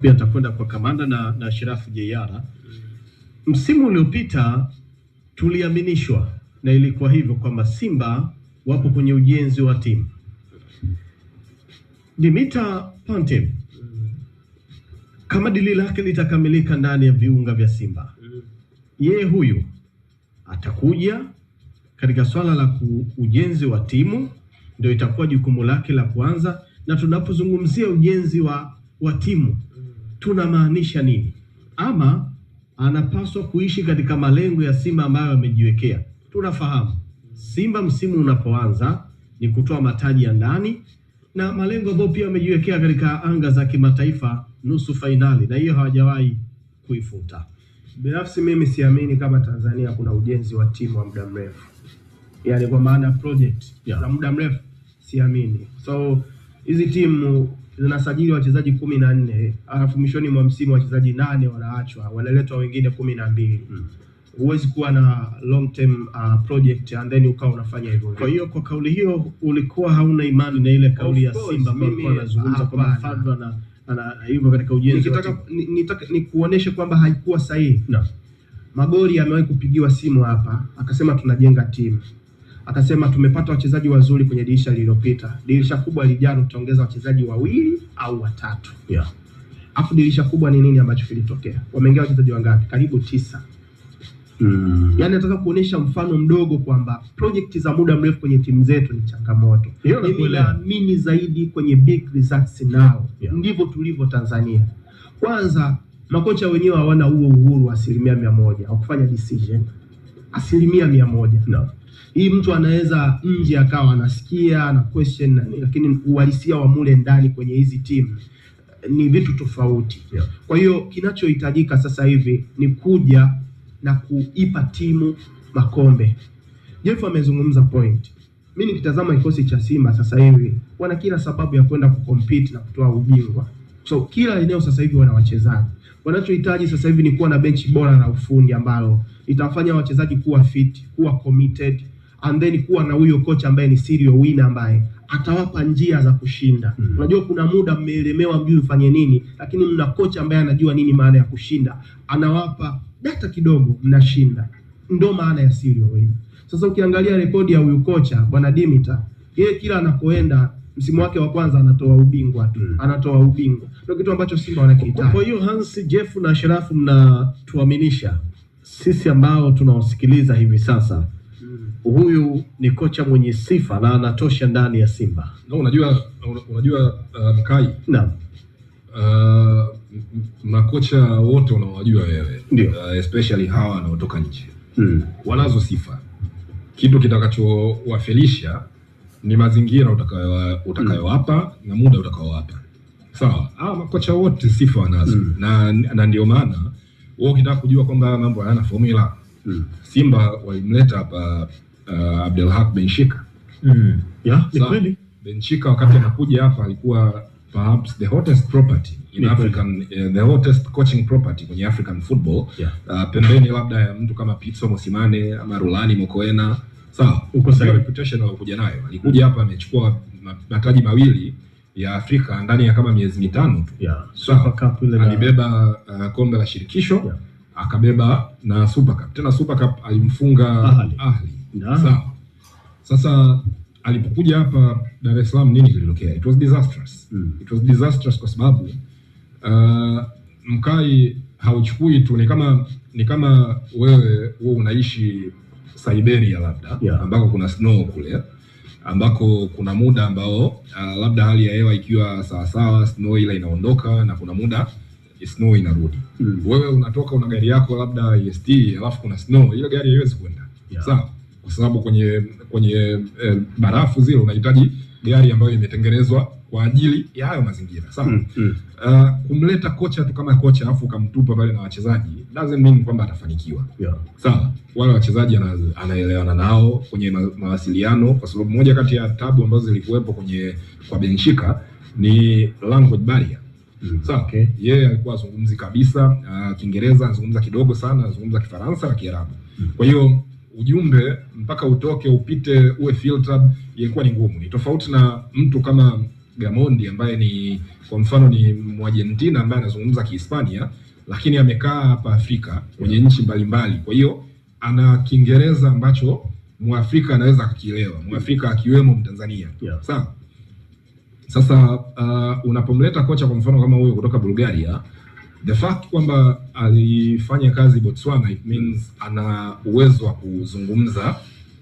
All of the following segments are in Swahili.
Pia nitakwenda kwa kamanda na, na Shirafu JR. Msimu uliopita tuliaminishwa na ilikuwa hivyo kwamba Simba wapo kwenye ujenzi wa timu. Dimitar Pantev kama dili lake litakamilika ndani ya viunga vya Simba, yeye huyu atakuja katika swala la ujenzi wa timu, ndio itakuwa jukumu lake la kwanza, na tunapozungumzia ujenzi wa, wa timu tunamaanisha nini, ama anapaswa kuishi katika malengo ya Simba ambayo amejiwekea. Tunafahamu Simba msimu unapoanza ni kutoa mataji ya ndani na malengo ambayo pia amejiwekea katika anga za kimataifa, nusu fainali, na hiyo hawajawahi kuifuta. Binafsi mimi siamini kama Tanzania kuna ujenzi wa timu wa muda mrefu, yani kwa maana project yeah, muda mrefu siamini. So hizi timu zinasajili wachezaji kumi na nne alafu mwishoni mwa msimu wachezaji nane wanaachwa, wanaletwa wengine kumi na mbili hmm. huwezi kuwa na long term uh, project and then ukawa unafanya hivyo. Kwa hiyo kwa kauli hiyo ulikuwa hauna imani na ile kauli ya Simba ambayo anazungumza kwamba Fadlu na ana hivyo katika ujenzi. Nikitaka nitaka kuoneshe kwamba haikuwa sahihi no. Magori amewahi kupigiwa simu hapa akasema tunajenga timu Akasema tumepata wachezaji wazuri kwenye dirisha lililopita. Dirisha kubwa lijalo tutaongeza wachezaji wawili au watatu. Yeah. Afu dirisha kubwa ni nini ambacho kilitokea? Wameingia wachezaji wangapi? Karibu tisa. Mm. Yaani nataka kuonesha mfano mdogo kwamba project za muda mrefu kwenye timu zetu ni changamoto. Mimi naamini zaidi kwenye big results now. Yeah. Ndivyo tulivyo Tanzania. Kwanza makocha wenyewe hawana huo uhuru wa asilimia mia moja wa kufanya decision asilimia mia moja no. Hii mtu anaweza nje akawa anasikia na question na lakini uhalisia wa mule ndani kwenye hizi timu eh, ni vitu tofauti. Kwa hiyo kinachohitajika sasa hivi ni kuja na kuipa timu makombe. Jeff amezungumza point. Mimi nikitazama kikosi cha Simba sasa hivi wana kila sababu ya kwenda kucompete na kutoa ubingwa. So kila eneo sasa hivi wana wachezaji. Wanachohitaji sasa hivi ni kuwa na benchi bora la ufundi ambalo itafanya wachezaji kuwa fit, kuwa committed and then kuwa na huyo kocha ambaye ni serial winner ambaye atawapa njia za kushinda. Mm. Unajua kuna muda mmeelemewa mjui ufanye nini, lakini mna kocha ambaye anajua nini maana ya kushinda. Anawapa data kidogo mnashinda. Ndio maana ya serial winner. Sasa ukiangalia rekodi ya huyu kocha Bwana Dimitar, yeye kila anakoenda msimu wake wa kwanza anatoa ubingwa tu, mm. anatoa ubingwa, ndio kitu ambacho Simba wanakihitaji. Kwa hiyo Hans, Jeff na Sharafu, mnatuaminisha sisi ambao tunawasikiliza hivi sasa mm. huyu ni kocha mwenye sifa na anatosha ndani ya Simba. No, unajua unajua, uh, Mkai naam, uh, makocha wote unaowajua wewe uh, especially hawa wanaotoka nje mm. wanazo sifa, kitu kitakachowafelisha ni mazingira utakayo utakayowapa mm. na muda utakaowapa sawa. So, ah, makocha wote sifa wanazo mm. na, na ndio maana wao ukitaka kujua kwamba mambo hayana formula mm. Simba walimleta hapa uh, Abdelhak Benshika mm. yeah, so, kweli Benshika wakati anakuja hapa alikuwa perhaps the hottest property in Nikweli. African uh, the hottest coaching property kwenye African football yeah. Uh, pembeni labda ya mtu kama Pitso Mosimane ama Rulani Mokoena sawa, uko sawa. Reputation walikuja nayo, alikuja hapa amechukua mataji mawili ya Afrika ndani ya kama miezi mitano tu yeah. Super Cup ile alibeba uh, kombe la shirikisho yeah. Akabeba na Super Cup tena, Super Cup alimfunga Ahli, Ahli. Yeah. Sawa, sasa alipokuja hapa Dar es Salaam nini kilitokea? It was disastrous mm. It was disastrous kwa sababu uh, mkai hauchukui tu, ni kama ni kama wewe wewe unaishi Siberia labda yeah, ambako kuna snow kule ambako kuna muda ambao uh, labda hali ya hewa ikiwa sawasawa snow ile inaondoka na kuna muda snow inarudi. Mm. Wewe unatoka una gari yako labda EST alafu kuna snow, ile gari haiwezi kwenda. Yeah. Sawa? Kwa sababu kwenye kwenye eh, barafu zile unahitaji gari ambayo imetengenezwa kwa ajili ya hayo mazingira sawa. mm, mm. Uh, kumleta kocha tu kama kocha afu ukamtupa pale na wachezaji doesn't mean kwamba atafanikiwa yeah. Sawa, wale wachezaji anaelewana nao kwenye mawasiliano, kwa sababu moja kati ya tabu ambazo zilikuwepo kwenye kwa Benshika ni language barrier mm. Sawa, okay. Yeye yeah, alikuwa azungumzi kabisa uh, Kiingereza, anazungumza kidogo sana, anazungumza Kifaransa na Kiarabu mm. Kwa hiyo ujumbe mpaka utoke upite uwe filtered ilikuwa ni ngumu. Ni tofauti na mtu kama Gamondi ambaye ni kwa mfano ni Mwajentina ambaye anazungumza Kihispania lakini amekaa hapa Afrika kwenye nchi mbalimbali, kwa hiyo ana Kiingereza ambacho Mwafrika anaweza kukielewa, Mwafrika akiwemo Mtanzania yeah. Sawa. Sasa uh, unapomleta kocha kwa mfano kama huyo kutoka Bulgaria, the fact kwamba alifanya kazi Botswana, it means ana uwezo wa kuzungumza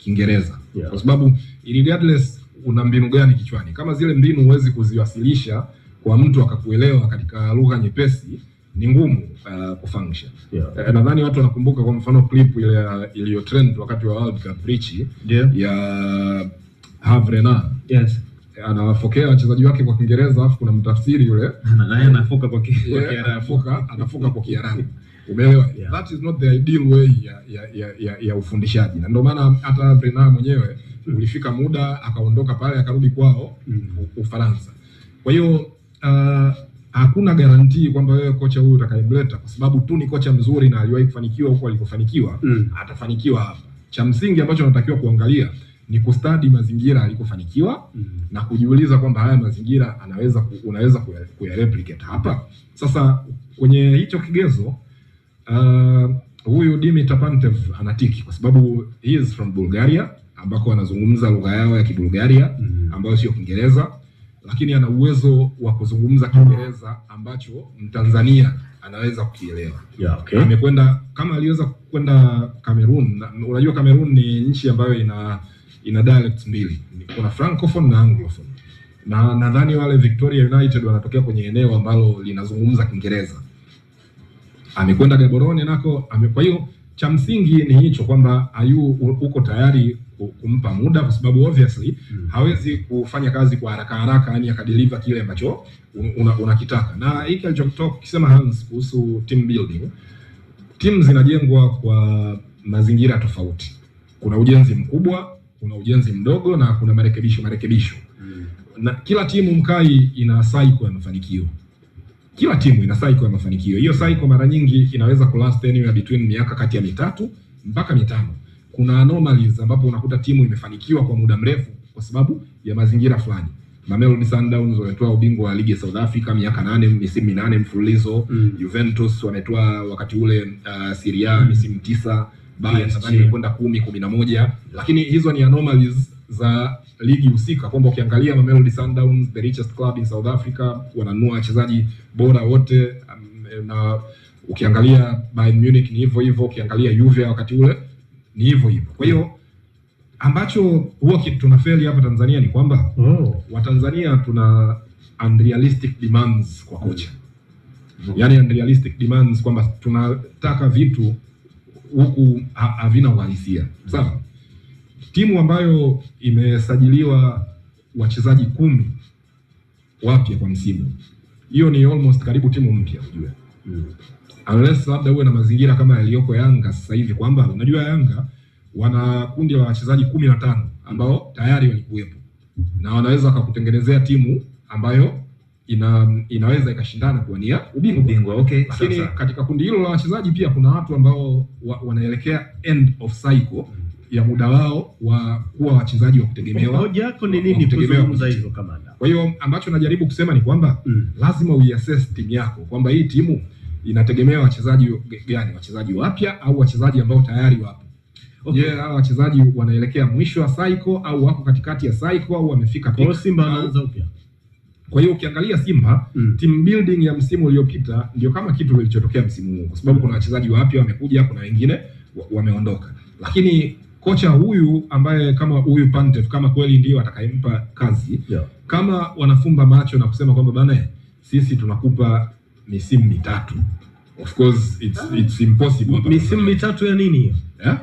Kiingereza yeah. Kwa sababu regardless una mbinu gani kichwani, kama zile mbinu huwezi kuziwasilisha kwa mtu akakuelewa katika lugha nyepesi, ni ngumu uh, kufunction yeah. Uh, nadhani watu wanakumbuka kwa mfano clip ile iliyo trend wakati wa World Cup Richie yeah. ya Havrena yes anawafokea wachezaji wake kwa Kiingereza, alafu kuna mtafsiri yule anafoka kwa Kiarabu, anafoka kwa Kiarabu. Umeelewa? Yeah. That is not the ideal way ya ya ya, ya ufundishaji. Na ndio maana hata Brena mwenyewe ulifika muda akaondoka pale akarudi kwao mm. Ufaransa. Kwa hiyo uh, hakuna garantii kwamba wewe kocha huyu utakayemleta kwa sababu tu ni kocha mzuri na aliwahi kufanikiwa huko alikofanikiwa mm. atafanikiwa hapa. Cha msingi ambacho anatakiwa kuangalia ni kustadi mazingira alikofanikiwa mm -hmm. na kujiuliza kwamba haya mazingira anaweza ku, unaweza kuyareplicate hapa. Sasa kwenye hicho kigezo uh, huyu Dimitar Pantev anatiki kwa sababu he is from Bulgaria ambako anazungumza lugha yao ya Kibulgaria mm -hmm. ambayo sio Kiingereza, lakini ana uwezo wa kuzungumza Kiingereza ambacho Mtanzania anaweza kukielewa. Yeah, okay. Amekwenda kama aliweza kwenda Kamerun. Unajua Kamerun ni nchi ambayo ina ina dialect mbili, kuna francophone na anglophone, na nadhani wale Victoria United wanatokea kwenye eneo ambalo linazungumza Kiingereza. Amekwenda Gaborone nako ame, kwa hiyo cha msingi ni hicho kwamba ayu uko tayari kumpa muda kwa sababu obviously hmm, hawezi kufanya kazi kwa haraka haraka, yani akadeliver kile ambacho unakitaka una na hiki alichotoka kusema Hans kuhusu team building. Timu zinajengwa kwa mazingira tofauti, kuna ujenzi mkubwa kuna ujenzi mdogo na kuna marekebisho marekebisho mm. na kila timu mkai ina cycle ya mafanikio kila timu ina cycle ya mafanikio. Hiyo cycle mara nyingi inaweza kulast anywhere between miaka kati ya mitatu mpaka mitano. Kuna anomalies ambapo unakuta timu imefanikiwa kwa muda mrefu kwa sababu ya mazingira fulani. Mamelodi Sundowns wametoa ubingwa wa ligi ya South Africa miaka nane misimu minane mfululizo mm. Juventus wametoa wakati ule uh, Serie A mm. misimu tisa baya nadhani imekwenda kumi kumi na moja, lakini hizo ni anomalies za ligi husika, kwamba ukiangalia Mamelodi Sundowns, the richest club in South Africa, wananunua wachezaji bora wote um, na ukiangalia Bayern Munich ni hivyo hivyo, ukiangalia Juve wakati ule ni hivyo hivyo. Kwa hiyo ambacho huwa kitu tunafeli hapa Tanzania ni kwamba oh, Watanzania tuna unrealistic demands kwa kocha, mm. yaani unrealistic demands kwamba tunataka vitu huku havina uhalisia. Sawa, timu ambayo imesajiliwa wachezaji kumi wapya kwa msimu, hiyo ni almost karibu timu mpya unajua, mm. Unless labda uwe na mazingira kama yaliyoko Yanga sasa hivi, kwamba unajua Yanga wana kundi la wachezaji kumi na tano ambao tayari walikuwepo na wanaweza wakakutengenezea timu ambayo ina inaweza ikashindana kuwania ubingwa ubingwa. Okay, lakini katika kundi hilo la wachezaji pia kuna watu ambao wa, wanaelekea end of cycle ya muda wao wa kuwa wachezaji wa kutegemewa. Hoja yako ni nini kuzungumza hivyo kamanda? Kwa hiyo ambacho najaribu kusema ni kwamba mm, lazima uiassess timu yako kwamba hii timu inategemea wachezaji gani, wachezaji wapya au wachezaji ambao tayari wapo. Okay. Je, yeah, wachezaji wanaelekea mwisho wa cycle au wako katikati ya cycle au wamefika peak? Simba anaanza upya. Kwa hiyo ukiangalia Simba mm. team building ya msimu uliopita ndio kama kitu kilichotokea msimu huu, kwa sababu kuna wachezaji wapya wamekuja, kuna wengine wameondoka, lakini kocha huyu ambaye kama huyu Pantev kama kweli ndio atakayempa kazi yeah. kama wanafumba macho na kusema kwamba bana, sisi tunakupa misimu mitatu Of course it's, ah. it's impossible. Misimu mitatu ya nini hiyo? Yeah?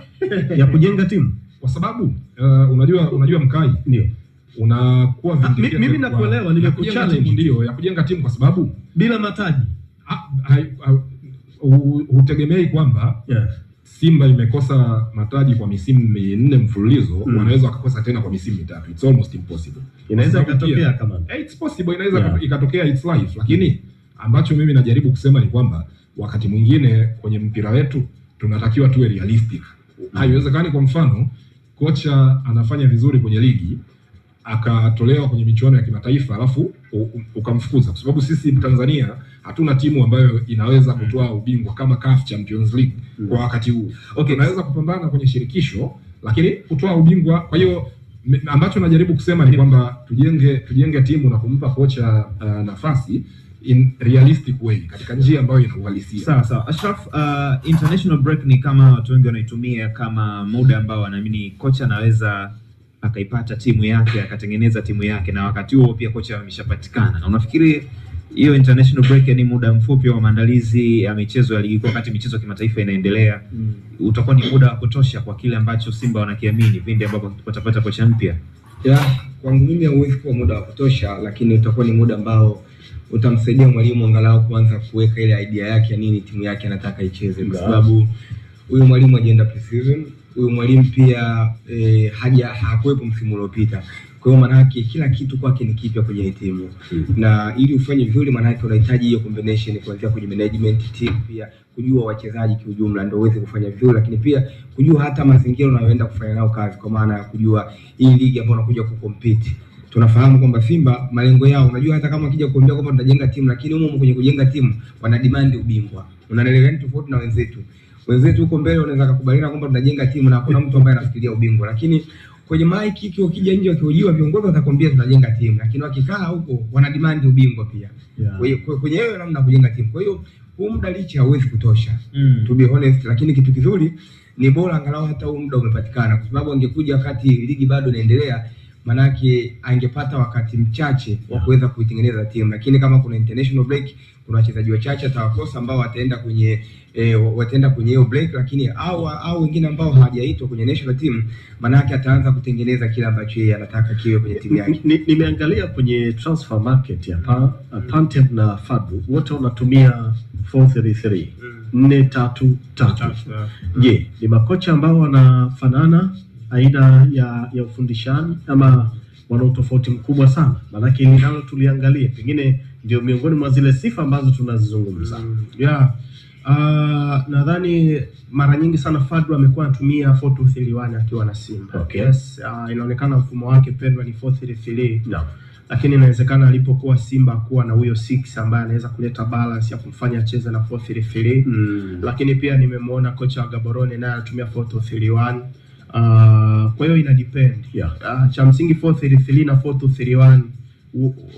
ya kujenga timu kwa sababu uh, unajua unajua mkai ndio unakuwa ah, vindikia. Mimi nakuelewa, nimekuchallenge ndio ya kujenga timu kwa sababu bila mataji ah, ah, hutegemei kwamba yeah. Simba imekosa mataji kwa misimu minne mfululizo mm. Wanaweza wakakosa tena kwa misimu mitatu, it's almost impossible. Inaweza ikatokea kama eh, it's possible, inaweza yeah. ikatokea it's life, lakini ambacho mimi najaribu kusema ni kwamba wakati mwingine kwenye mpira wetu tunatakiwa tuwe realistic. Hmm. Haiwezekani kwa mfano kocha anafanya vizuri kwenye ligi akatolewa kwenye michuano ya kimataifa alafu ukamfukuza, kwa sababu sisi Tanzania hatuna timu ambayo inaweza hmm. kutoa ubingwa kama CAF Champions League hmm. kwa wakati huu. Okay, tunaweza kupambana kwenye shirikisho lakini kutoa ubingwa. Kwa hiyo ambacho najaribu kusema ni kwamba tujenge tujenge timu na kumpa kocha uh, nafasi in realistic way, katika njia ambayo ina uhalisia. Sawa sawa, Ashraf, uh, international break ni kama watu wengi wanaitumia kama muda ambao wanaamini kocha anaweza akaipata timu yake akatengeneza timu yake, na wakati huo pia kocha ameshapatikana. Na unafikiri hiyo international break ni muda mfupi wa maandalizi ya michezo ya ligi kuu, wakati michezo ya kimataifa inaendelea mm, utakuwa ni muda wa kutosha kwa kile ambacho Simba wanakiamini pindi ambapo watapata kocha mpya? Yeah, kwangu mimi hauwezi kuwa muda wa kutosha, lakini utakuwa ni muda ambao utamsaidia mwalimu angalau kuanza kuweka ile idea yake ya nini timu yake anataka icheze, kwa sababu huyo mwalimu ajienda pre-season huyu mwalimu pia e, haja hakuwepo msimu uliopita. Kwa hiyo maanake kila kitu kwake ni kipya kwenye timu hmm. Na ili ufanye vizuri, maanake unahitaji hiyo combination kuanzia kwenye management team, pia kujua wachezaji kiujumla, ndio uweze kufanya vizuri, lakini pia kujua hata mazingira unayoenda kufanya nao kazi, kwa maana ya kujua hii ligi ambayo unakuja kukompete tunafahamu kwamba Simba malengo yao, unajua hata kama akija kuambia kwamba tunajenga timu, lakini humo kwenye kujenga timu wana demand ubingwa. Unaelewa, ni tofauti na wenzetu wenzetu huko mbele wanaweza kukubaliana kwamba tunajenga timu na hakuna mtu ambaye anafikiria ubingwa, lakini kwenye maiki kio kija nje wakihojiwa viongozi watakwambia tunajenga timu, lakini wakikaa huko wana demand ubingwa pia yeah. Kwenye hiyo namna kujenga timu, kwa hiyo huu muda licha hauwezi kutosha mm. to be honest, lakini kitu kizuri ni bora angalau hata huu muda umepatikana, kwa sababu angekuja wakati ligi bado inaendelea manake angepata wakati mchache wa kuweza kuitengeneza timu, lakini kama kuna international break kuna wachezaji wachache atawakosa ambao wataenda kwenye e, wataenda kwenye hiyo break, lakini au au wengine ambao hawajaitwa kwenye national team, manake ataanza kutengeneza kile ambacho yeye anataka kiwe kwenye timu yake. Nimeangalia kwenye transfer market hapa, Pantem na Fadlu wote wanatumia 433 mm. nne tatu tatu. Mm. Je, ni makocha ambao wanafanana aina ya ya ufundishaji ama wana utofauti mkubwa sana? Maanake linalo tuliangalia pengine ndio miongoni mwa zile sifa ambazo tunazizungumza. Mm. Yeah. Uh, nadhani mara nyingi sana Fadlu amekuwa anatumia 4-2-3-1 akiwa na Simba. Okay. Yes, uh, inaonekana mfumo wake pendwa ni 4-3-3. No. Lakini inawezekana alipokuwa Simba kuwa na huyo 6 ambaye anaweza kuleta balance ya kumfanya acheze na 4-3-3. Mm. Lakini pia nimemwona kocha wa Gaborone naye anatumia 4-2-3-1. Uh, ah, kwa hiyo ina depend. Yeah. Uh, cha msingi 4-3-3 na 4-2-3-1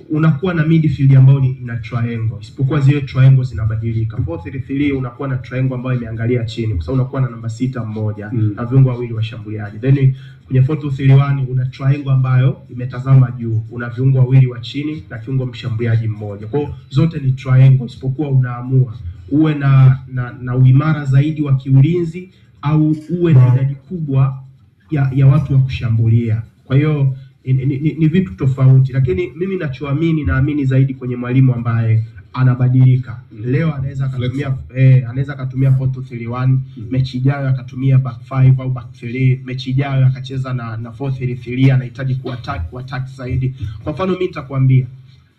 unakuwa na midfield ambayo ni ina triangle, isipokuwa zile triangle zinabadilika. 433 unakuwa na triangle ambayo imeangalia chini, kwa sababu unakuwa na namba sita mmoja mm. na viungo wawili washambuliaji. Then kwenye 4231 una triangle ambayo imetazama juu, una viungo wawili wa chini na kiungo mshambuliaji mmoja. Kwa hiyo zote ni triangle, isipokuwa unaamua uwe na na, na uimara zaidi wa kiulinzi au uwe na idadi kubwa ya, ya watu wa kushambulia. Kwa hiyo ni, ni, ni, vitu tofauti, lakini mimi nachoamini, naamini zaidi kwenye mwalimu ambaye anabadilika mm. leo, anaweza akatumia eh, anaweza akatumia 4-2-3-1 mm. mechi ijayo akatumia back 5 au back 3, mechi ijayo akacheza na na 4-3-3, anahitaji ku attack zaidi. Kwa mfano mimi nitakwambia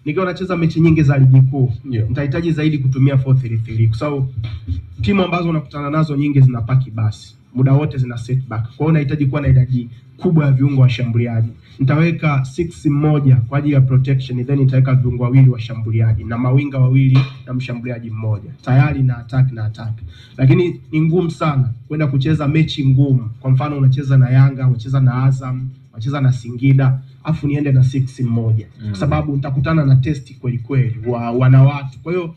nikiwa nacheza mechi nyingi za ligi kuu yeah. nitahitaji zaidi kutumia 4-3-3 kwa sababu timu ambazo unakutana nazo nyingi zinapaki basi muda wote zina setback. Kwa hiyo unahitaji kuwa na idadi kubwa ya viungo washambuliaji. Nitaweka six mmoja kwa ajili ya protection, then nitaweka viungo wawili washambuliaji na mawinga wawili na mshambuliaji mmoja tayari na attack na attack. Lakini ni ngumu sana kwenda kucheza mechi ngumu. Kwa mfano unacheza na Yanga, unacheza na Azam, unacheza na Singida, afu niende na six mmoja, kwa mm. sababu nitakutana na testi kweli kweli wa wanawatu, kwa hiyo